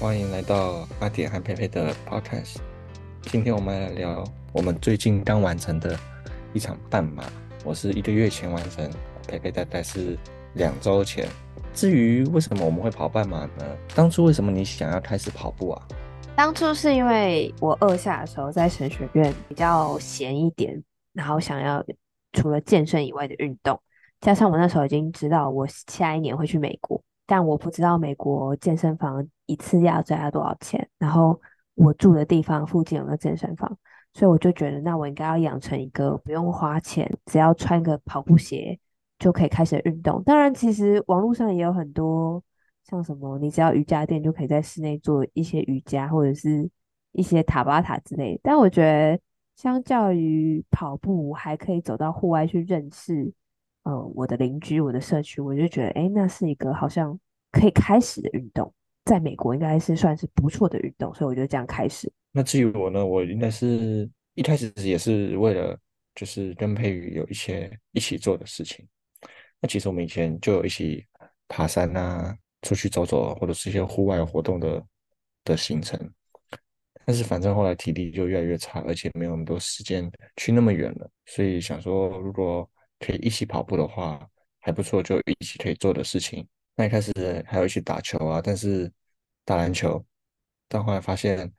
歡迎來到阿點和佩佩的 Podcast。今天我們來聊我們最近剛完成的一場半馬。我是一個月前完成，佩佩大概是兩週前。至於為什麼我們會跑半馬呢？當初為什麼你想要開始跑步啊？當初是因為我二下的時候在神學院比較閒一點，然後想要除了健身以外的運動，加上我那時候已經知道我下一年會去美國，但我不知道美國健身房。一次要交多少錢？然後我住的地方附近有個健身房，所以我就覺得，那我應該要養成一個不用花錢，只要穿個跑步鞋就可以開始運動。當然，其實網絡上也有很多，像什麼你只要瑜伽墊就可以在室內做一些瑜伽或者是一些塔巴塔之類的。但我覺得，相較於跑步，還可以走到戶外去認識，呃，我的鄰居、我的社區，我就覺得，誒、欸，那是一個好像可以開始的運動。在美國應該是算是不錯的運動，所以我就這樣開始。那至於我呢，我應該是一開始也是為了就是跟佩宇有一些一起做的事情。那其實我們以前就有一起爬山吶、啊，出去走走或者是一些戶外活動的的行程。但是反正後來體力就越來越差，而且沒有那麼多時間去那麼遠了，所以想說如果可以一起跑步的話還不錯，就一起可以做的事情。那一開始還有一起打球啊，但是。打籃球，但後來發現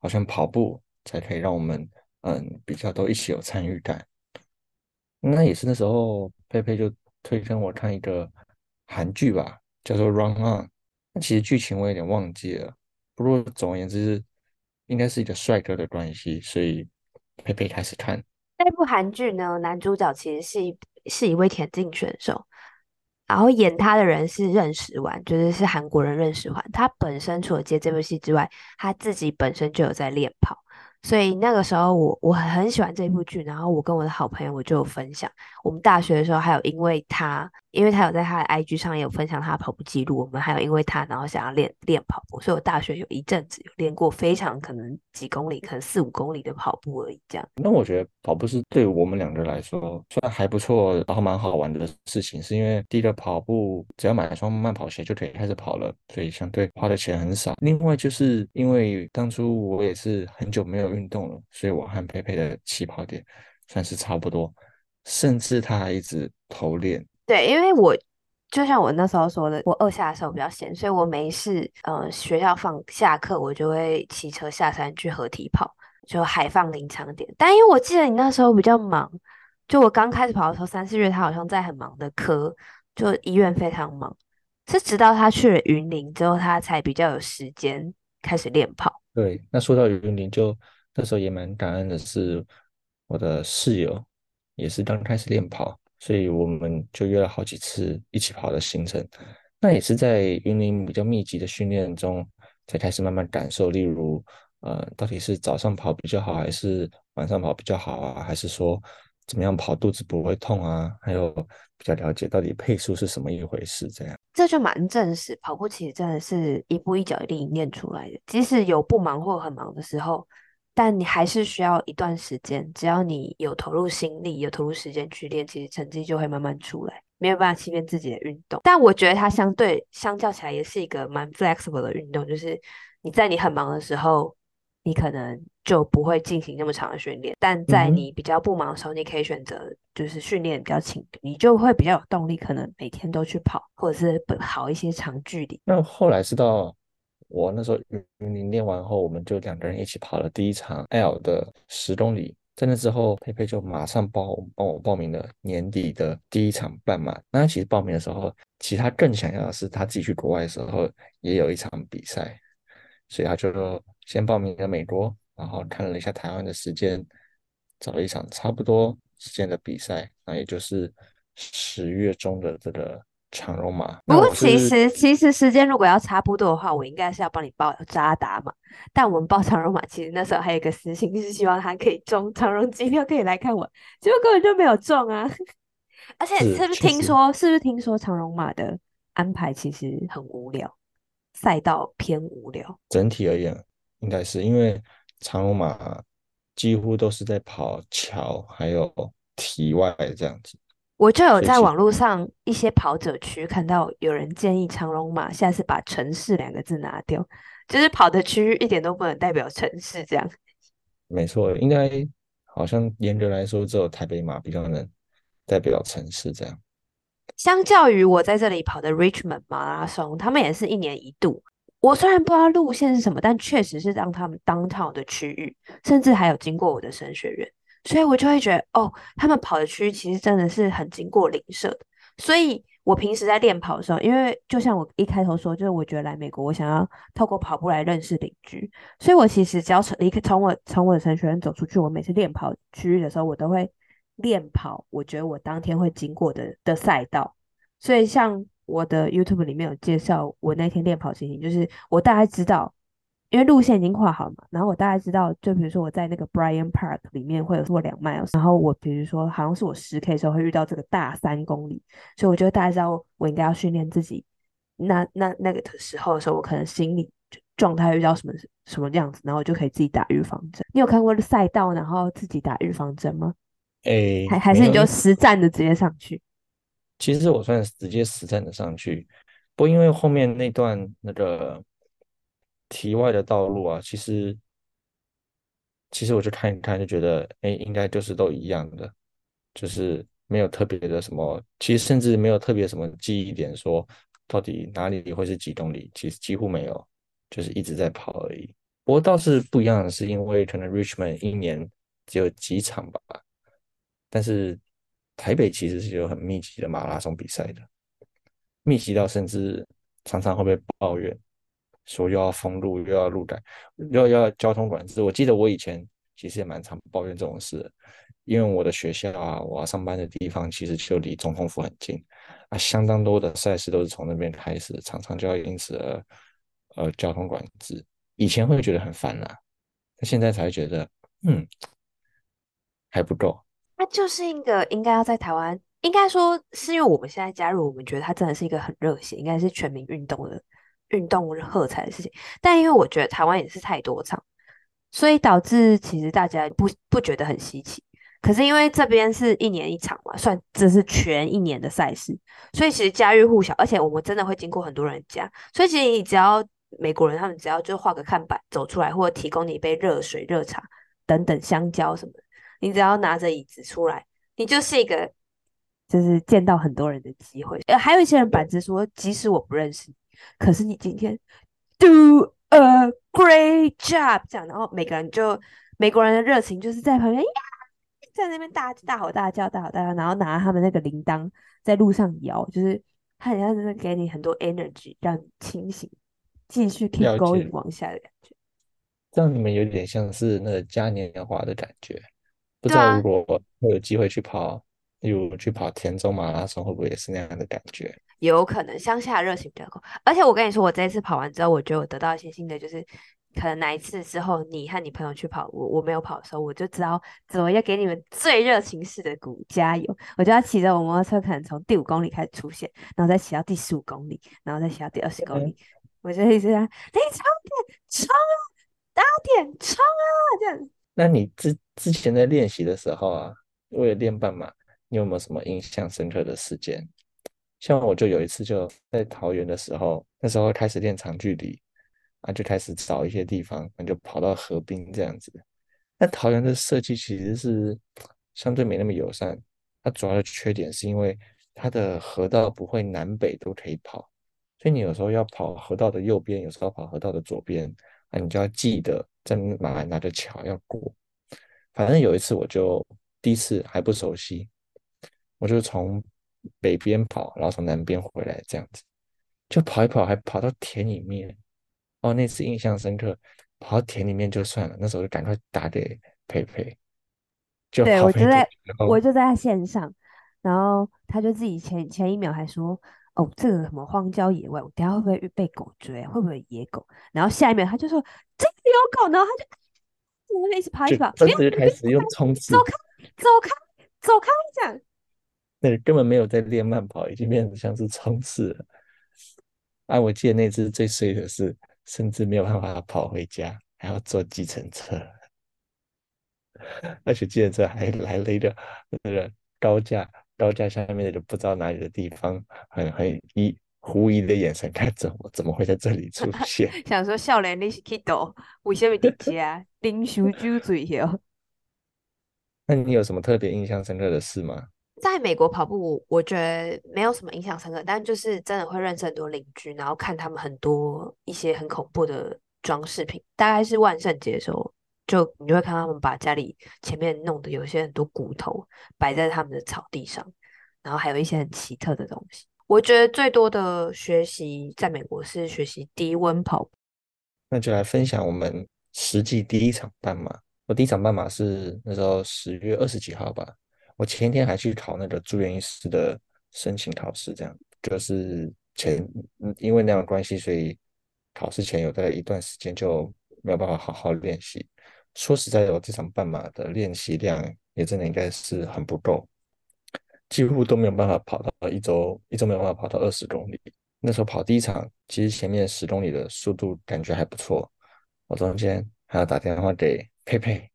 好像跑步才可以讓我們嗯比較都一起有參與感。那也是那時候佩佩就推薦我看一個韓劇吧，叫做《Run On》。那其實劇情我有點忘記了，不過總而言之是應該是一個帥哥的關係，所以佩佩開始看。那部韓劇呢，男主角其實是一是一位田徑選手。然後演他的人是任時完，就是是韓國人任時完。他本身除了接這部戲之外，他自己本身就有在練跑。所以那個時候我我很喜歡這部劇，然後我跟我的好朋友我就有分享。我們大學的時候還有因為他。因為他有在他的 IG 上也有分享他的跑步記錄，我們還有因為他然後想要練練跑步，所以我大學有一陣子有練過非常可能幾公里，可能四五公里的跑步而已。這樣，那我覺得跑步是對我們兩個來說算還不錯，然後蠻好玩的事情，是因為第一個跑步只要買一雙慢跑鞋就可以開始跑了，所以相對花的錢很少。另外就是因為當初我也是很久沒有運動了，所以我和佩佩的起跑點算是差不多，甚至他還一直偷練。對，因為我就像我那時候說的，我二下的時候比較閒，所以我沒事，呃，學校放下課，我就會騎車下山去河堤跑，就海放林強點。但因為我記得你那時候比較忙，就我剛開始跑的時候三四月，他好像在很忙的科，就醫院非常忙，是直到他去了雲林之後，他才比較有時間開始練跑。對，那說到雲林就，就那時候也蠻感恩的是，我的室友也是剛開始練跑。所以我們就約了好幾次一起跑的行程，那也是在雲林比較密集的訓練中，才開始慢慢感受。例如，呃，到底是早上跑比較好，還是晚上跑比較好啊？還是說，怎麼樣跑肚子不會痛啊？還有比較了解到底配速是什麼一回事？這樣，這就蠻正式。跑步其實真的是一步一腳印練出來的，即使有不忙或很忙的時候，但你還是需要一段時間，只要你有投入心力，有投入時間去練，其實成績就會慢慢出來。沒有辦法欺騙自己的運動。但我覺得它相對相較起來也是一個蠻 flexible 的運動，就是你在你很忙的時候，你可能就不會進行那麼長的訓練，但在你比較不忙的時候，嗯、你可以選擇就是訓練比較勤，你就會比較有動力，可能每天都去跑，或者是跑一些長距離。那後來知道。我那時候嗯，林練完後，我們就兩個人一起跑了第一場 L 的十公里。在那之後，佩佩就馬上報，幫我報名了年底的第一場半馬。那其實報名的時候，其實他更想要的是他自己去國外的時候也有一場比賽，所以他就說先報名了美國，然後看了一下台灣的時間，找了一場差不多時間的比賽，那也就是十月中的這個。長榮馬，不過其實其實時間如果要差不多的話，我應該是要幫你報扎達嘛。但我們報長榮馬，其實那時候還有一個私心，是希望他可以中長榮機票，可以來看我。結果根本就沒有中啊！而且是不是聽說？是，是不是聽說長榮馬的安排其實很無聊，賽道偏無聊。整體而言，應該是因為長榮馬幾乎都是在跑橋，還有體外這樣子。我就有在網絡上一些跑者區看到有人建議長龍馬下次把城市兩個字拿掉，就是跑的區域一點都不能代表城市這樣。沒錯，應該好像嚴格來說只有台北馬比較能代表城市這樣。相較於我在這裡跑的 Richmond 馬拉松，他們也是一年一度。我雖然不知道路線是什麼，但確實是讓他們 downtown 的區域，甚至還有經過我的神學院。所以我就會覺得，哦，他們跑的區域其實真的是很經過鄰舍的。所以我平時在練跑的時候，因為就像我一開頭說，就是我覺得來美國，我想要透過跑步來認識鄰居。所以我其實只要離從，從我從我的晨員走出去，我每次練跑區域的時候，我都會練跑。我覺得我當天會經過的的賽道。所以像我的 YouTube 裡面有介紹，我那天練跑情形，就是我大概知道。因為路線已經畫好了嘛，然後我大概知道，就比如說我在那個 Brian Park 裡面會有做兩 mile，然後我比如說好像是我十 k 的時候會遇到這個大三公里，所以我覺得大概知道我，我應該要訓練自己，那那那個的時候的時候，我可能心理狀態遇到什麼什麼樣子，然後就可以自己打預防針。你有看過賽道，然後自己打預防針嗎？哎、欸，還還是你就實戰的直接上去？其實我算是直接實戰的上去，不過因為後面那段那個。題外的道路啊，其實，其實我就看一看，就覺得，哎，應該就是都一樣的，就是沒有特別的什麼，其實甚至沒有特別什麼記憶點，說到底哪裡會是幾公里，其實幾乎沒有，就是一直在跑而已。不過倒是不一樣的，是因為可能 Richmond 一年只有幾場吧，但是台北其實是有很密集的馬拉松比賽的，密集到甚至常常會被抱怨。說又要封路，又要路改，又要交通管制。我記得我以前其實也蠻常抱怨這種事，因為我的學校啊，我要上班的地方其實就離總統府很近啊，相當多的賽事都是從那邊開始，常常就要因此而呃交通管制。以前會覺得很煩啦，啊，那現在才會覺得嗯還不夠。那就是一個應該要在台灣，應該說是因為我們現在加入，我們覺得他真的是一個很熱血，應該是全民運動的。運動或者喝彩的事情，但因為我覺得台灣也是太多場，所以導致其實大家不不覺得很稀奇。可是因為這邊是一年一場嘛，算這是全一年的賽事，所以其實家喻戶曉，而且我們真的會經過很多人家，所以其實你只要美國人他們只要就畫個看板走出來，或提供你一杯熱水、熱茶等等香蕉什麼，你只要拿着椅子出來，你就是一個就是見到很多人的機會。而還有一些人板子說，即使我不認識。可是你今天 do a great job，這樣，然後每個人就美國人的熱情就是在旁邊，哎呀，在那邊大大吼大叫，大吼大叫，然後拿他們那個鈴鐺在路上搖，就是他好像在那給你很多 energy 讓你清醒，繼續 keep going 往下的感覺。這樣你們有點像是那個嘉年華的感覺。不知道如果我會有機會去跑。有去跑田中馬拉松，會不會也是那樣的感覺？有可能，鄉下的熱情比較高。而且我跟你說，我這一次跑完之後，我覺得我得到一些心得，就是可能哪一次之後，你和你朋友去跑，我我沒有跑的時候，我就知道怎麼要給你們最熱情式的鼓加油。我就要騎着我摩托車，可能從第五公里開始出現，然後再騎到第十五公里，然後再騎到第二十公里，嗯，我就一直想你衝點衝啊，打點衝啊這樣。那你之之前在練習的時候啊，我也練半馬？你有沒有什麼印象深刻的事件？像我就有一次就在桃園的時候，那時候開始練長距離啊，就開始找一些地方，那就跑到河濱這樣子。那桃園的設計其實是相對沒那麼友善，它主要的缺點是因為它的河道不會南北都可以跑，所以你有時候要跑河道的右邊，有時候要跑河道的左邊啊，你就要記得在哪拿的橋要過。反正有一次我就第一次還不熟悉。我就從北邊跑，然後從南邊回來，這樣子，就跑一跑，還跑到田裡面，哦，那次印象深刻。跑到田裡面就算了，那時候就趕快打給佩佩，就跑跑，對，我就在，我就在他線上，然後他就自己前前一秒還說，哦，這個什麼荒郊野外，我等下會不會被狗追？會不會野狗？然後下一秒他就說這裡有狗，然後他就我們倆一起跑一跑，就真的就開始用衝刺，走開，走開，走開，我講。那個、根本沒有在練慢跑，已經變成像是衝刺了。哎、啊，我記得那次最衰的是，甚至沒有辦法跑回家，還要坐計程車。而且計程車還來了一個那個高架，高架下面的不知道哪裡的地方，很很疑狐疑的眼神看着我，怎麼會在這裡出現？想說笑臉，你是 Kido 為什麼你家啊？林秀珠最那你有什麼特別印象深刻的事嗎？在美國跑步，我覺得沒有什麼印象深刻，但就是真的會認識很多鄰居，然後看他們很多一些很恐怖的裝飾品。大概是萬聖節的時候，就你就會看他們把家裡前面弄得有一些很多骨頭擺在他們的草地上，然後還有一些很奇特的東西。我覺得最多的學習在美國是學習低溫跑步。那就來分享我們實際第一場半馬。我第一場半馬是那時候十月二十幾號吧。我前天還去考那個住院醫師的申請考試，這樣就是前，因為那樣的關係，所以考試前有大概一段時間就沒有辦法好好練習。說實在的，我這場半馬的練習量也真的應該是很不夠，幾乎都沒有辦法跑到一周，一周沒有辦法跑到二十公里。那時候跑第一場，其實前面十公里的速度感覺還不錯，我中間還要打電話給佩佩，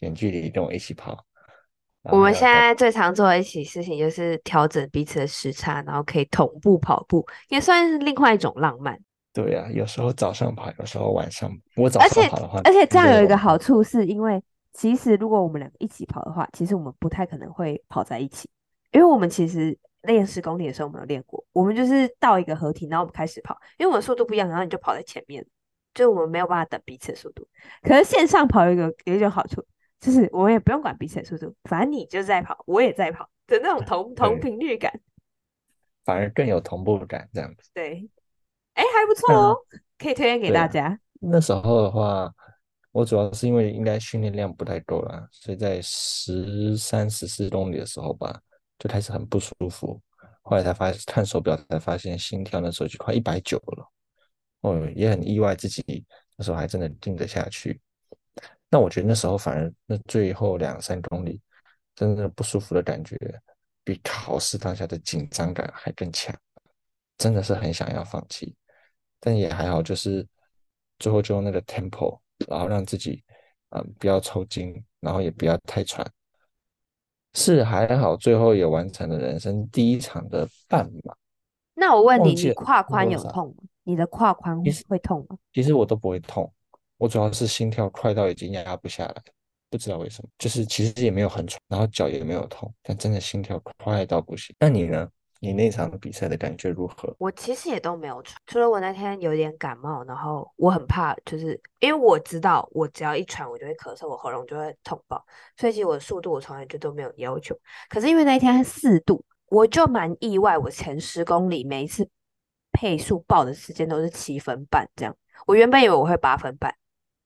遠距離跟我一起跑。我們現在最常做的一起事情就是調整彼此的時差，然後可以同步跑步，也算是另外一種浪漫。對呀、啊，有時候早上跑，有時候晚上。我早上跑的話，而且，而且這樣有一個好處，是因為其實如果我們兩個一起跑的話，其實我們不太可能會跑在一起，因為我們其實練十公里的時候我們有練過，我們就是到一個合體，然後我們開始跑，因為我們速度不一樣，然後你就跑在前面，就我們沒有辦法等彼此的速度。可是線上跑有一個有一種好處。就是我也不用管比賽速度，反正你就在跑，我也在跑的那種同同頻率感，反而更有同步感，這樣子。對，哎，還不錯哦，啊、可以推薦給大家。那時候的話，我主要是因為應該訓練量不太夠了，所以在十三、十四公里的時候吧，就開始很不舒服。後來才發看手表，才發現心跳那時候就快一百九了，哦，也很意外自己那時候還真的定得下去。那我覺得那時候反而那最後兩三公里，真的不舒服的感覺，比考試當下的緊張感還更強，真的是很想要放棄，但也還好，就是最後就用那個 tempo，然後讓自己，嗯，不要抽筋，然後也不要太喘，是還好，最後也完成了人生第一場的半馬。那我問你，你胯寬有痛嗎？你的胯寬會痛嗎？其實，其實我都不會痛。我主要是心跳快到已經壓不下來，不知道為什麼，就是其實也沒有很喘，然後腳也沒有痛，但真的心跳快到不行。那你呢？你那場的比賽的感覺如何？我其實也都沒有喘，除了我那天有點感冒，然後我很怕，就是因為我知道我只要一喘，我就會咳嗽，我喉嚨就會痛爆。所以其實我的速度我從來就都沒有要求，可是因為那一天是四度，我就蠻意外，我前十公里每一次配速報的時間都是七分半這樣。我原本以為我會八分半。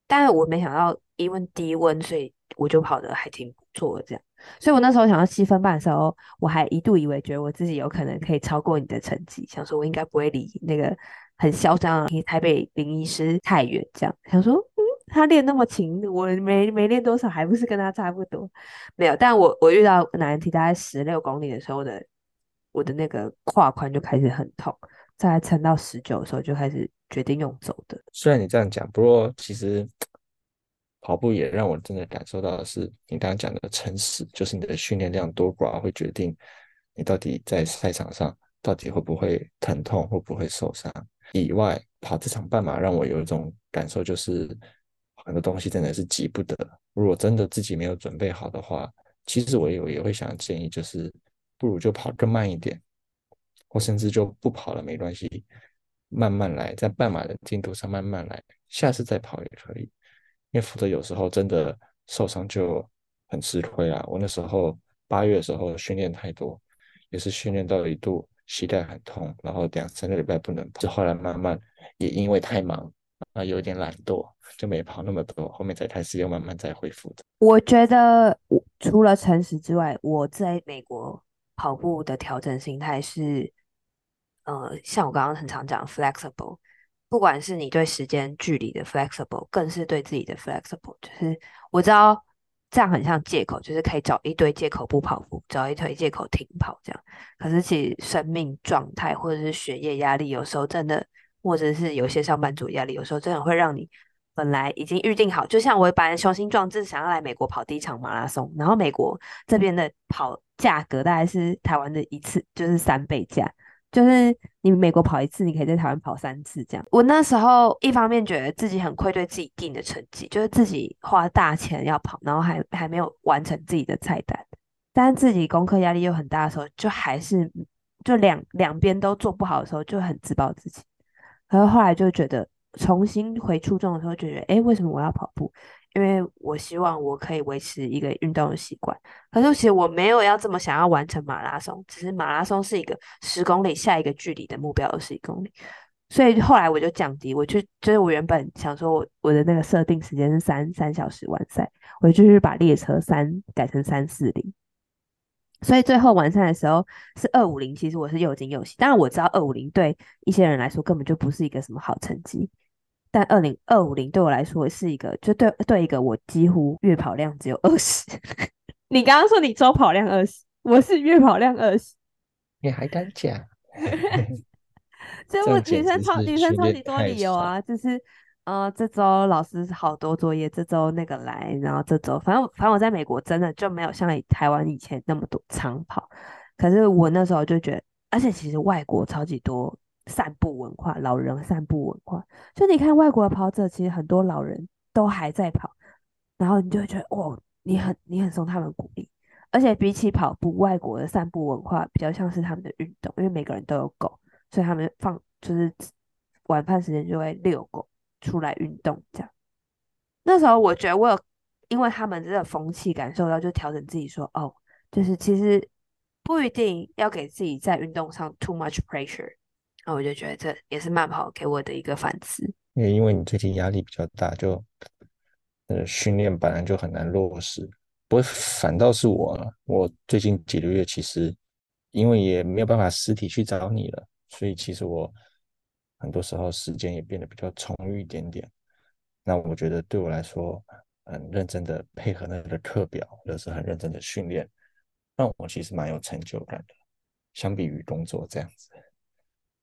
但我沒想到，因為低溫，所以我就跑得還挺不錯，這樣。所以我那時候想到七分半的時候，我還一度以為覺得我自己有可能可以超過你的成績，想說我應該不會離那個很囂張的台北林醫師太遠，這樣。想說，嗯，他練那麼勤，我沒沒練多少，還不是跟他差不多。沒有，但我我遇到難題，大概十六公里的時候呢，我的那個胯寬就開始很痛。在撐到十九的時候就開始決定用走的。雖然你這樣講，不過其實跑步也讓我真的感受到的是，你剛剛講的誠實，就是你的訓練量多寡會決定你到底在賽場上到底會不會疼痛，會不會受傷。以外，跑這場半馬讓我有一種感受，就是很多東西真的是急不得。如果真的自己沒有準備好的話，其實我有也會想建議，就是不如就跑更慢一點。我甚至就不跑了，沒關係，慢慢來，在半馬的進度上慢慢來，下次再跑也可以，因為否則有時候真的受傷就很吃虧啦、啊，我那時候八月的時候訓練太多，也是訓練到一度膝蓋很痛，然後兩三個禮拜不能跑，就後來慢慢也因為太忙啊，有點懶惰，就沒跑那麼多，後面才開始又慢慢再恢復的。我覺得除了誠實之外，我在美國跑步的調整心態是。呃，像我剛剛很常講的，flexible，不管是你對時間距離的 flexible，更是對自己的 flexible。就是我知道這樣很像借口，就是可以找一堆借口不跑步，找一堆借口停跑這樣。可是其實生命狀態或者是學業壓力，有時候真的，或者是有些上班族壓力，有時候真的會讓你本來已經預定好，就像我本來雄心壯志想要來美國跑第一場馬拉松，然後美國這邊的跑價格大概是台灣的一次，就是三倍價。就是你美國跑一次，你可以在台灣跑三次這樣。我那時候一方面覺得自己很愧對自己定的成績，就是自己花大錢要跑，然後還還沒有完成自己的菜單，但自己功課壓力又很大的時候，就還是就兩兩邊都做不好的時候，就很自暴自棄。然後後來就覺得重新回初衷的時候，就覺得哎、欸，為什麼我要跑步？因為我希望我可以維持一個運動的習慣，可是其實我沒有要這麼想要完成馬拉松，只是馬拉松是一個十公里下一個距離的目標，二十一公里。所以後來我就降低，我就就是我原本想說我我的那個設定時間是三三小時完賽，我就是把列車三改成三四零，所以最後完賽的時候是二五零。其實我是又驚又喜，當然我知道二五零對一些人來說根本就不是一個什麼好成績。但二零二五零對我來說是一個，就對對一個我幾乎月跑量只有二十。你剛剛說你周跑量二十，我是月跑量二十， 你還敢講？ 所以我女生超女生超級多理由啊，就是呃這週老師好多作業，這週那個來，然後這週反正反正我在美國真的就沒有像台灣以前那麼多長跑，可是我那時候就覺得，而且其實外國超級多。散步文化，老人散步文化，所以你看外國的跑者，其實很多老人都還在跑，然後你就會覺得，哦，你很你很受他們鼓勵，而且比起跑步，外國的散步文化比較像是他們的運動，因為每個人都有狗，所以他們放就是晚飯時間就會遛狗出來運動這樣。那時候我覺得我有，因為他們這個風氣感受到，就調整自己說，哦，就是其實不一定要給自己在運動上 too much pressure。那我就覺得這也是慢跑給我的一個反思。因為你最近壓力比較大，就呃訓練本來就很難落實。不過反倒是我，我最近幾個月其實因為也沒有辦法實體去找你了，所以其實我很多時候時間也變得比較充裕一點點。那我覺得對我來說，很、嗯、認真的配合那個課表，也是很認真的訓練，讓我其實蠻有成就感的。相比於工作這樣子。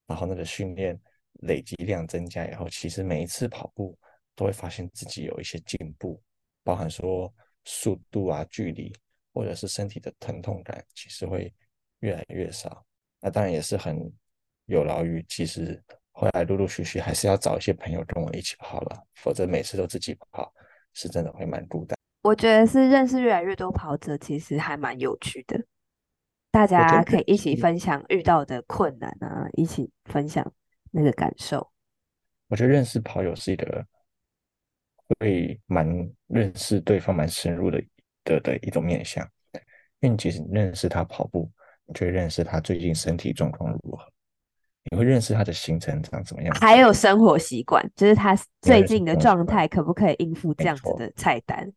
然後那個訓練累積量增加以後，其實每一次跑步都會發現自己有一些進步，包含說速度啊、距離，或者是身體的疼痛感，其實會越來越少。那當然也是很有勞於，其實後來陸陸續續還是要找一些朋友跟我一起跑了，否則每次都自己跑，是真的會蠻孤單。我覺得是認識越來越多跑者，其實還蠻有趣的。大家可以一起分享遇到的困難啊，一起分享那個感受。我覺得認識跑友是一個會蠻認識對方蠻深入的的的一種面向，因為你其實認識他跑步，你就認識他最近身體狀況如何，你會認識他的行程長怎麼樣，還有生活習慣，就是他最近的狀態可不可以應付這樣子的菜單。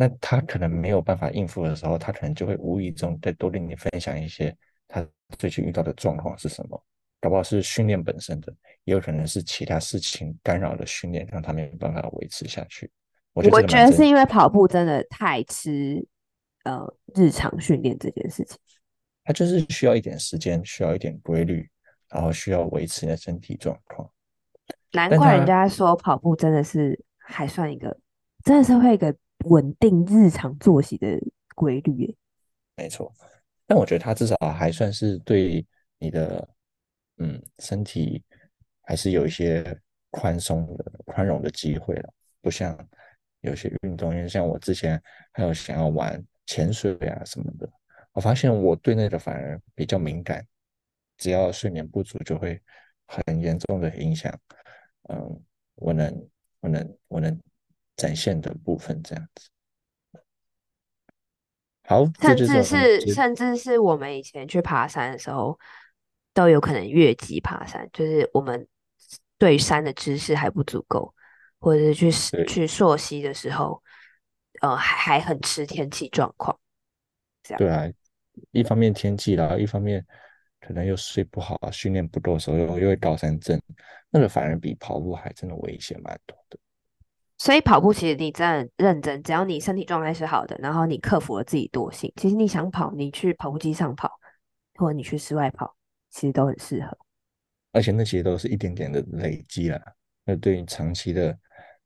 那他可能沒有辦法應付的時候，他可能就會無意中再多跟你分享一些他最近遇到的狀況是什麼，搞不好是訓練本身的，也有可能是其他事情干擾了訓練，讓他沒有辦法維持下去，我真的。我覺得是因為跑步真的太吃呃日常訓練這件事情，他就是需要一點時間，需要一點規律，然後需要維持的身體狀況。難怪人家說跑步真的是還算一個，真的是會一個。穩定日常作息的規律，沒錯。但我覺得他至少還算是對你的，嗯，身體還是有一些寬鬆的、寬容的機會了。不像有些運動員，像我之前還有想要玩潛水啊什麼的，我發現我對那個反而比較敏感，只要睡眠不足就會很嚴重的影響。嗯，我能，我能，我能。展現的部分這樣子，好，甚至是甚至是我們以前去爬山的時候，都有可能越級爬山，就是我們對山的知識還不足夠，或者是去去溯溪的時候，呃，還還很吃天氣狀況。對啊，一方面天氣啦，然後一方面可能又睡不好啊，訓練不夠的時候，又又會高山症，那個反而比跑步還真的危險蠻多。所以跑步其實你只要認真，只要你身體狀態是好的，然後你克服了自己惰性，其實你想跑，你去跑步機上跑，或者你去室外跑，其實都很適合。而且那些都是一點點的累積啦，那對於長期的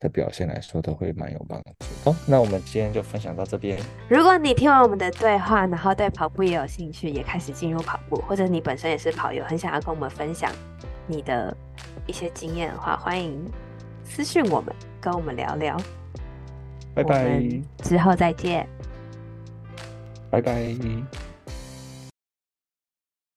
的表現來說，都會蠻有幫助。好，哦，那我們今天就分享到這邊。如果你聽完我們的對話，然後對跑步也有興趣，也開始進入跑步，或者你本身也是跑友，很想要跟我們分享你的一些經驗的話，歡迎。私訊我們，跟我們聊聊。拜拜，之後再見。拜拜。